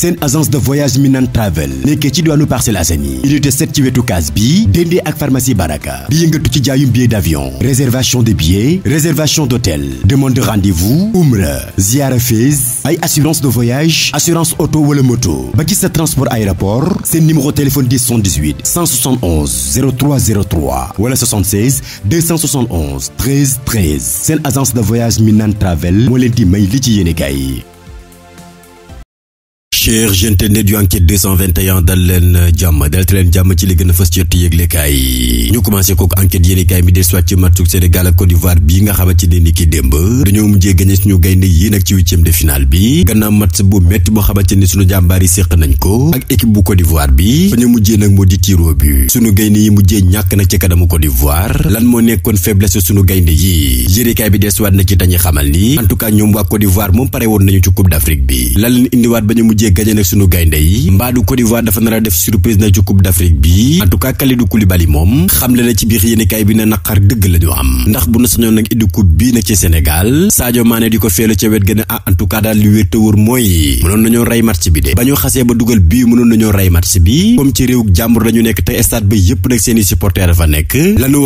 seen agence de voyage Minan Travel nekkee ci diwaanu Parcelles Assainies unité 7 ci wetu kaas bi déndee ak pharmacie Baraka bi yëngatu ci jaayum billet d'avion réservation de billets réservation d'hôtel demande de rendez-vous umra ziara Fès ay assurance de voyage assurance oto wala moto ba ci sa transport aéroport seen numéro téléphone 10 78 171 0303 wala 76 271 13 13 seen agence de voyage Minan Travel moo may li ci yéene kaay cher internet yu enquête 221 dal leen jàmm dalate leen jàmm ci li gën a fës ci yëglekaay yi ñu commencé kook enquête yéenekaay bi des soit na ci dañuy xamal ni en ñoom waa Côte d'Ivoire moom pare woon nañu ci Coupe d'Afrique bi lan leen indiwaat ba mujjee Sénégal gagné sunu gaynde yi mbaadu Côte d'Ivoire dafa nar a def surprise na ci d'Afrique bi en tout cas Kalidou moom xamle na ci biir yéenekaay bi na naqar dëgg la am ndax bu na sañoon nag iddi coupe bii nag ci Sénégal Sadio Mané di ko feelu ca wet gën ah en daal li wér te mooy mënoon nañoo rey match bi de ba ñu xasee ba dugal bii mënoon nañoo rey match bi comme ci réew jàmbur lañu nekk te stade ba yépp nag seeni supporter dafa nekk lañu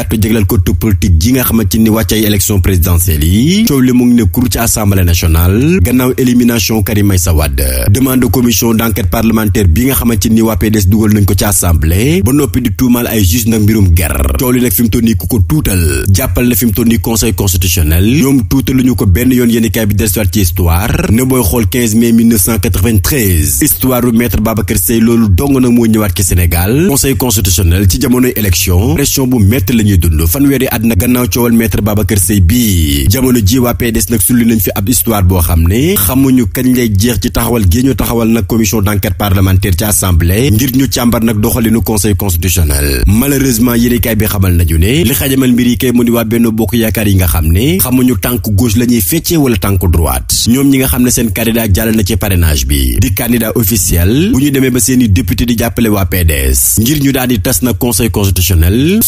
yaatu jéglal ko tu politique ji nga xamante ni wàcc ay élection présidentielle yi coow li mu ngi ne kur ci assemblée nationale gannaaw élimination Karim Meïssa Wade demande commission d' parlementaire bi nga xamante ni waa PDS dugal nañ ko ci assemblée ba noppi di tuumaal ay juge nag mbirum ger coow li nag fi mu ku ko tuutal jàppal na fi mu conseil constitutionnel ñoom tuutaluñu ko benn yoon yéenekaay bi dellusiwaat ci histoire ne mai 1993 histoire u maître Babacar Seye loolu dong nag moo ñëwaat ci Sénégal conseil constitutionnel ñuy fanweeri at na gannaaw coowal maître Babacar Sèye bii jamono ji waa PDS nag sulli nañ fi ab histoire boo xam ne xamuñu kañ lay jeex ci taxawal gi ñu taxawal nag commission d'enquête parlementaire ci assemblée ngir ñu càmbar nag doxalinu conseil constitutionnel malheureusement yéenekaay bi xamal nañu ne li xajamal mbir yi kay mu di waa benn Bokk Yaakaar yi nga xam ne xamuñu tànk gauche la ñuy feccee wala tànk droite ñoom ñi nga xam ne seen candidat jàll na ci parrainage bi di candidat officiel bu ñu demee ba seeni député di jàppale waa PDS ñu daal di tas nag conseil constitutionnel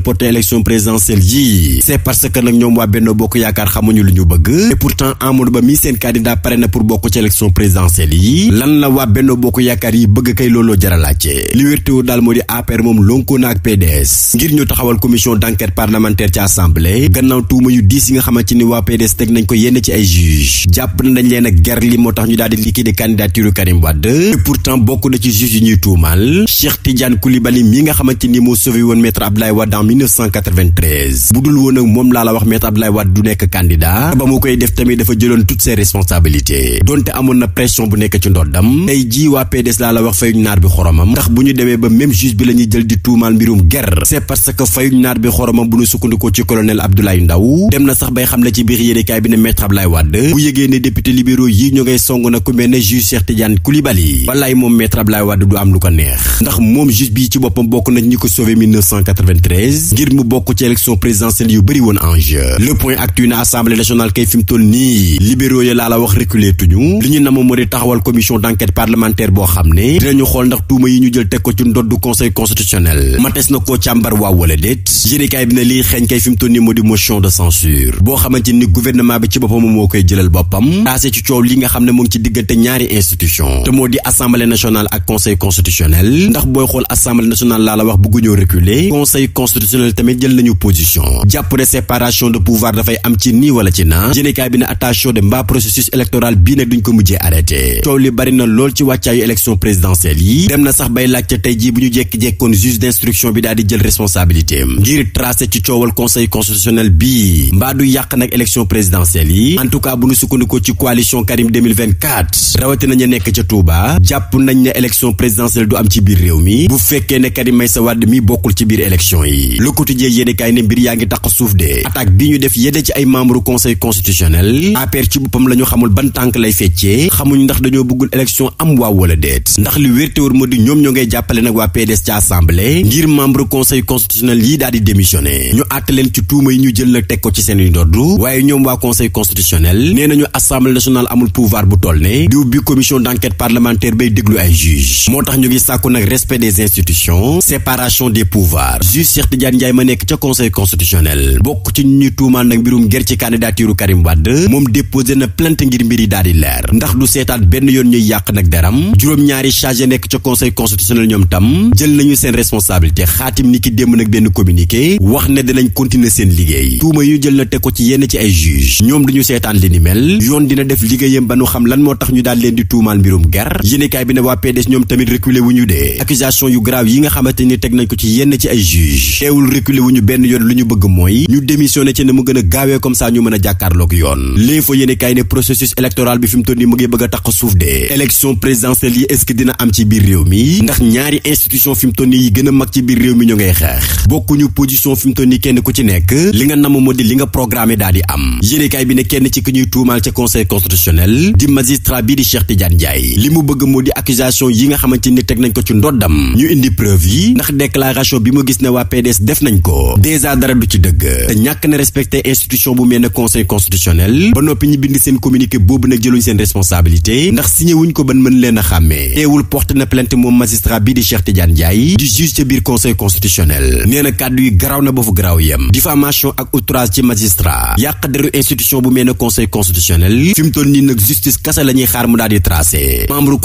reporter élection présidentielle yii c'est parce que nag ñoom waa Benno Bokk Yaakaar xamuñu lu ñu bëgg et pourtant Amadou Ba mi seen candidat pare na pour bokk ci élection présidentielle yi lan la waa Benno Bokk Yaakaar yi bëgg kay looloo jaralaajte li daal moo di APR moom lonko ak PDS ngir ñu taxawal commission d'enquête parlementaire ci assemblée gannaaw tuuma yu diis yi nga xamante ni waa PDS teg nañ ko yenn ci ay juge jàpp na dañ leen moo tax ñu daal di liquider candidature Karim 1993 bu dul woon ak moom laa la wax Maître Abdoulaye Wade du nekk candidat ba mu koy def tamit dafa jëloon toutes ses responsabilités donte amoon na pression bu nekk ci ndoddam tey jii waa PDS laa la wax fayuñ naar bi xoromam ndax bu ñu demee ba même juge bi la ñuy jël di tuumaal mbirum ger c'est parce que fayuñ naar bi xoromam bu ñu sukkandikoo ci colonel Abdoulaye Ndaw dem na sax bay xam la ci biir yéenekaay bi ne Maître Abdoulaye Wade bu yëgee ne député libéraux yi ñu ngay song na ku mel ne juge Cheikh Tidiane Coulibaly wallaay moom bokk nañ ñi ko sauvé 1993 ngir mu bokk ci élection présidentielle yu bëri woon en jeu le point actu na assemblée nationale kay fi toll nii libéraux ya laa la wax reculer tuñu li ñu na moo di taxawal commission d'enquête parlementaire boo xam ne dinañu xool ndax tuuma yi ñu jël teg ko ci ndoddu conseil constitutionnel mates na koo càmbar waaw wala déet yéenekaay bi na lii xeeñ kay fi toll nii moo di motion de censure boo xamante ni gouvernement bi ci boppam moo koy jëlal boppam ne mu ngi ci diggante ñaari institution te moo di assemblée nationale ak conseil constitutionnel ndax booy xool assemblée nationale laa la wax bëgguñoo reculer constitutionnel tamit jël nañu position jàpp ne séparation de pouvoir dafay am ci nii wala ci na jënekaay bi ne attention de mbaa processus électoral bii nag duñ ko mujjee arrêté coow li bari na lool ci wàccaayu élection présidentielle yi dem na sax bay laajte tey jii bu ñu jekki-jekkoon juge d'instruction bi daal di jël responsabilité ngir tracé ci coowal conseil constitutionnel bii mbaa du yàq nag élection présidentielle yi en tout cas bu ñu sukkandikoo ci coalition Karim 2024 rawatina ñu nekk ca Touba nañ ne élection du am ci biir réew mi bu fekkee ne Karim Meïssa Wade mi ci biir yi yi le quotidien yéenekaay ne mbir yaa ngi taq suuf de attaque bi ñu def yedde ci ay membre conseil constitutionnel APR ci boppam la ñu xamul ban tànk lay feccee xamuñ ndax dañoo bëggul élection am waaw wala déet ndax li wér te wóor ma di ñoom ñoo ngay jàppale nag waa PDS ci assemblée ngir membre conseil constitutionnel yi daal di démissionné ñu àtte leen ci tuuma yi ñu jël nag teg ko ci seen i ndodd waaye ñoom waa conseil constitutionnel nee nañu assemblée nationale amul pouvoir bu toll ne di ubbi commission d'enquête parlementaire bay déglu ay juge moo tax ñu ngi sàkku nag respect des institutions séparation des pouvoirs Tidiane Ndiaye ma nekk ca conseil constitutionnel bokk ci ñu tuumaan nag mbirum ger ci candidature Karim Wade moom déposé na plainte ngir mbiri daal di leer ndax du seetaat benn yoon ñuy yàq nag deram juróom-ñaari chargé nekk ca conseil constitutionnel ñoom tam jël nañu seen responsabilité xaatim ni ki démb nag benn communiqué wax ne dinañ continuer seen liggéey tuuma yu jël na teg ko ci yenn ci ay juge ñoom ñu seetaan li ni mel yoon dina def liggéeyam ba nu xam lan moo tax ñu daal leen di tuumaal mbirum ger yéenekaay bi ne waa PDS ñoom ñu dee accusation yu yi nga xamante ni teg nañ ko ci yenn ci ay juge teewul reculer wu ñu benn yoon lu ñu bëgg mooy ñu démissionné ci ne mu gën a gaawee comme ça ñu mën a jàkkaarloog yoon lée fa yéene ne processus électoral bi fi mu toll mu ngi bëgg a taq suuf de élection présidentielle yi est-ce dina am ci biir réew mi ndax ñaari institution fi mu toll yi gën a mag ci biir réew mi ñu ngay xeex bokkuñu position fi mu toll kenn ku ci nekk li nga nam moo li nga programmé daal am yéene bi ne kenn ci ni teg nañ ko ci ndoddam def nañ ko dèjà dara du ci dëgg te ñàkk na respecte institution bu mel ne conseil constitutionnel ba noppi ñu bind seen communiqué boobu nag jëluñ seen responsabilité ndax signé wuñ ko ban mën leen a xàmmee teewul porte na plainte moom magistrat bi di Cheikh Tidiane Ndiaye di juge ca biir conseil constitutionnel nee na kàddu yi garaaw na ba fu garaaw yem diffamation ak outrage ci magistrat yàq deru institution bu mel ne conseil constitutionnel fi mu toll nii nag justice kasa la ñuy xaar mu daal di tracé membre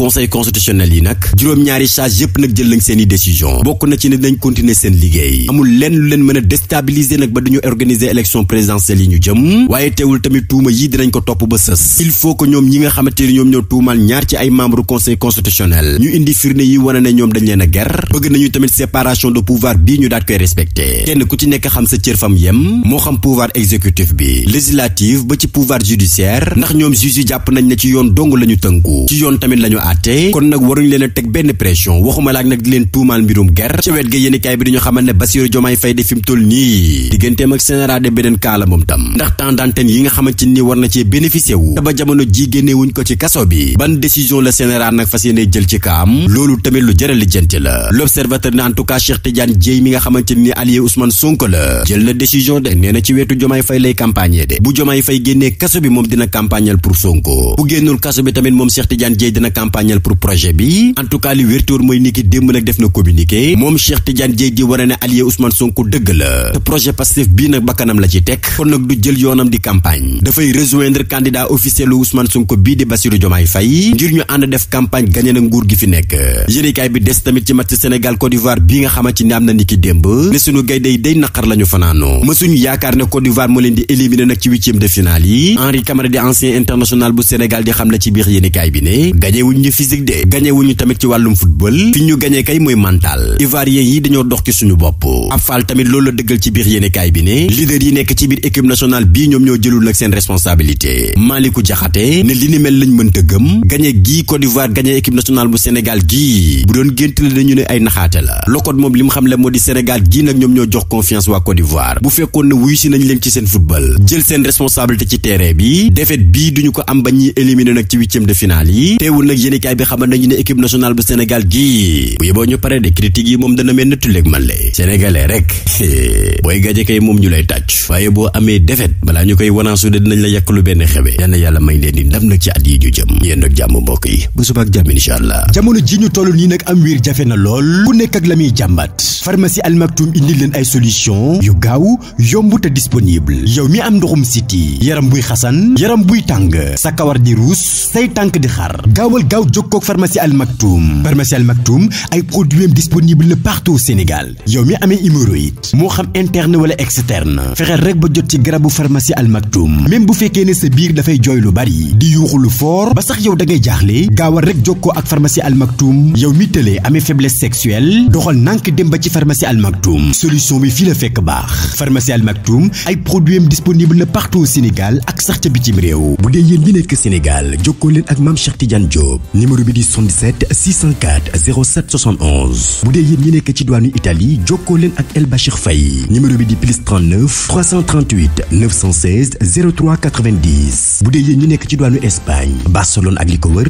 yi nag juróom-ñaari charge yépp nag jël nañ seen décision bokk na ci ne dañ continuer seen liggéey amul lenn lu leen mën a déstabiliser nag ba duñu organiser élection présidentielle yi ñu jëm waaye teewul tamit tuuma yi dinañ ko topp ba sës ñoom ñi nga xamante ni ñoom ñoo tuumal ñaar ci ay membre conseil constitutionnel ñu indi firnde yi wane ne ñoom dañ leen a ger bëgg nañu tamit séparation de pouvoir bii ñu daat koy respecté kenn ku ci nekk xam sa cër fam yem moo xam pouvoir exécutif bi législatif ba ci pouvoir judiciaire ndax ñoom juge yi jàpp nañ ne ci yoon dong la ñu tënku ci yoon tamit la ñu àtte kon nag waruñu leen a teg benn pression waxuma Jomaay Fay de fi mu toll nii digganteem ak général de beneen kaala moom tam ndax temps d'antenne yi nga xamante ni war na cee bénéficié wu te ba loolu tamit lu jëral lijjanti la l'observateur ni allié Ousmane Sonko la dina campagnal pour projet bi en li wértuwoon mooy niki démb nag def na communiqué moom Cheikh Tidiane Dièye di war a ne allié Ousmane Ousmane Sonko dëgg la te projet Pastef bii nag bakkanam la ci teg kon nag du jël yoonam di campagne dafay rejoindre candidat officiel lu Ousmane bii di Bassirou Diomaye Faye ngir ñu ànd def campagne gañe na nguur gi fi nekk yéenekaay bi des tamit ci match Sénégal Côte d'Ivoire bii nga xamante ni am na niki démb ne suñu gaynde yi day naqar la fanaanoo mësuñu yaakaar ne Côte d'Ivoire moo leen di éliminer nag ci huitième de finale yi Henri Camara di ancien international bu Pape tamit loolu la dëggal ci biir yenekaay bi ne leader yi nekk ci biir équipe nationale bii ñoom ñoo jëlul nag seen responsabilité Maliku Jaxate ne li ni mel lañ mënta gëm gañe gii Côte d'Ivoire gañe équipe nationale bu Sénégal gii bu doon gént la dañu ne ay naxaate la lokoot moom li mu xam le moo di Sénégal gii nag ñoom ñoo jox confiance waa Côte d'Ivoire bu fekkoon na wuyu si nañ leen ci seen football jël seen responsabilité ci terrain bi défaite bii duñu ko am ba ñuy éliminer nag ci huitième de finale yi teewul nag yéenekaay bi xamal nañu ne équipe nationale bu Sénégal gii bu yeboo ñu pare de critiques yi moom dana mel nettuléeg man le sénégalais gañee rek booy gañe kay moom ñu lay tàcc waaye boo amee defet balaa ñu koy wanaasu de dinañ la yàq lu benn xewe yal yàlla may leen di ndam nag ci at yi ñu jëm yéen nag jàmm mbokk yi bu subaak jàmm incha allah jamono ji ñu toll nii nag am wiir jafe na lool ku nekk ak la muy jàmbat pharmacie Al Maktoum leen ay solution yu gaaw yomb te disponible yow mi am ndoxum siti yaram buy xasan yaram buy tàng sa kawar di ruus say tànk di xar gaawal gaaw jokkoog pharmacie Al Maktoum pharmacie Al Maktoum ay produits disponible na partout Sénégal yow mi amee hémorroïde moo xam interne wala externe fexeel rek ba jot ci garabu pharmacie Al Maktoum même bu fekkee ne sa biir dafay jooy lu bari di yuuxu lu fort ba sax yow da ngay jaaxle gaawal rek jokkoo ak pharmacie Al Maktoum yow mi tëlee amee faiblesse sexuelle doxal nànk dem ba ci pharmacie Al Maktoum solution bi fii la fekk baax pharmacie Al Maktoum ay produits am disponible na partout au ak sax ca bitim réew bu dee yéen ñi nekk Sénégal jokkoo leen ak maam Cheikh Tidiane Diop numéro bi di 77 604 07 71 bu dee nekk ci diwaanu Italie jokkoo leen ak El Bachir Faye numéro bi di plus 39 338 916 03 90 bu dee yéen ñu nekk ci diwaanu Espagne Barcelone ak li ko wër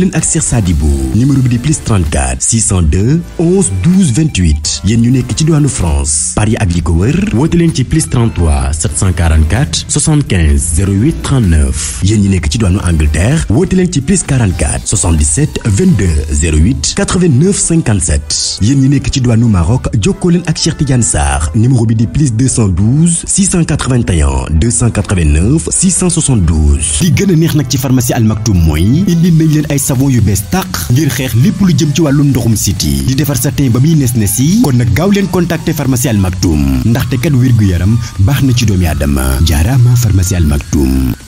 leen ak Cheikh Sadibou numéro bi di plus 34 602 11 12 28 yéen ñu nekk ci diwaanu France Paris ak li ko wër woote leen ci plus 33 744 75 08 39 yéen ñu nekk ci diwaanu Angleterre woote leen ci plus 44 77 22 08 89 57 yéen ñu nekk ci diwaanu Maroc jokkoo leen ak ak Cheikh Tidiane Sarr bi di plus 212 681 289 672 li gën a neex nag ci pharmacie Al Maktoum mooy indi nañ leen ay savon yu bees tàq ngir xeex lépp lu jëm ci wàllum ndoxum siti di defar sa teen ba muy nes nes yi kon nag gaaw leen contacter pharmacie Al Maktoum ndaxte kat wér gu yaram baax na ci doomi aadama jaaraama pharmacie Al Maktoum